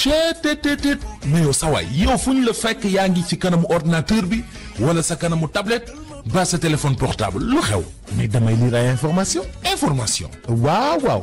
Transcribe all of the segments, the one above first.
chettt mais yow sawaay yow fu la fekk yaa ngi ci kanamu ordinateur bi wala sa kanamu tablette ba téléphone portable lu xew mais damay lire ay information information waaw waaw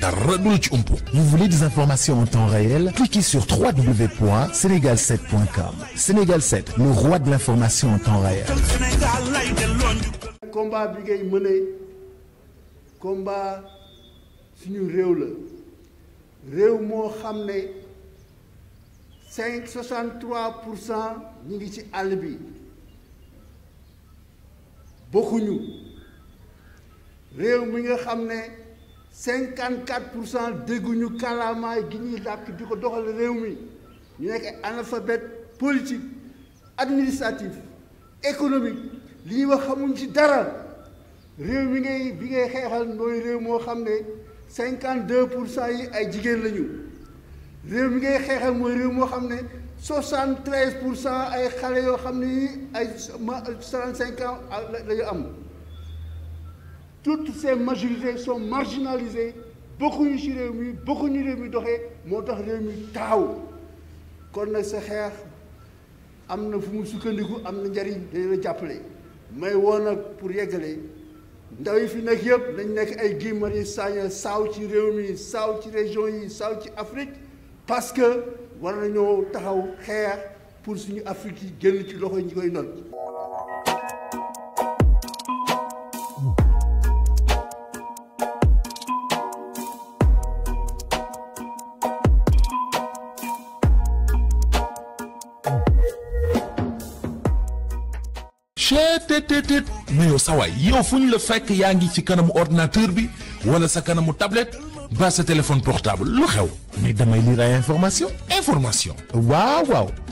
dara du la ci umpu. Vous voulez des informations en temps réel? Cliquez sur www.senegal7.com. Sénégal le roi de l'information en temps réel. combat bi ngay mënee combat suñu réew la réew moo xam ne cinq soixante pour cent ñu ngi ci àll bi bokkuñu réew mi nga xam ne. cinquante quatre pour cent dégguñu kàllaamaay gi ñuy làkk di ko doxal réew mi ñu nekk ay analphabète politique administratif économique li ñuy wax xamuñ ci dara réew mi ngay bi ngay xeexal mooy réew moo xam ne cinquante deux pour cent yi ay jigéen lañu réew mi ngay xeexal mooy réew moo xam ne soixante treize pour cent ay xale yoo xam ne ay ma trente cinq ans ah, la ñu am toutes ces majorités sont marginalisées bokkuñu ci réew mi bokkuñu réew mi doxee moo tax réew mi taaw kon nag sa xeex am na fu mu sukkandiku am na njariñ dañu la jàppale may woon nag pour yeggale ndaw yi fi nekk yëpp nañ nekk ay Guy Marius Sagna saaw ci réew mi saaw ci région yi saaw ci Afrique parce que war nañoo taxaw xeex pour suñu Afrique yi génn ci loxo ñi koy noon chettt mais yow sa waay yow fu ñu la fekk yaa ngi ci kanamu ordinateur bi wala sa kanamu tablette ba sa téléphone portable lu xew mais damay lire ay information information waaw waaw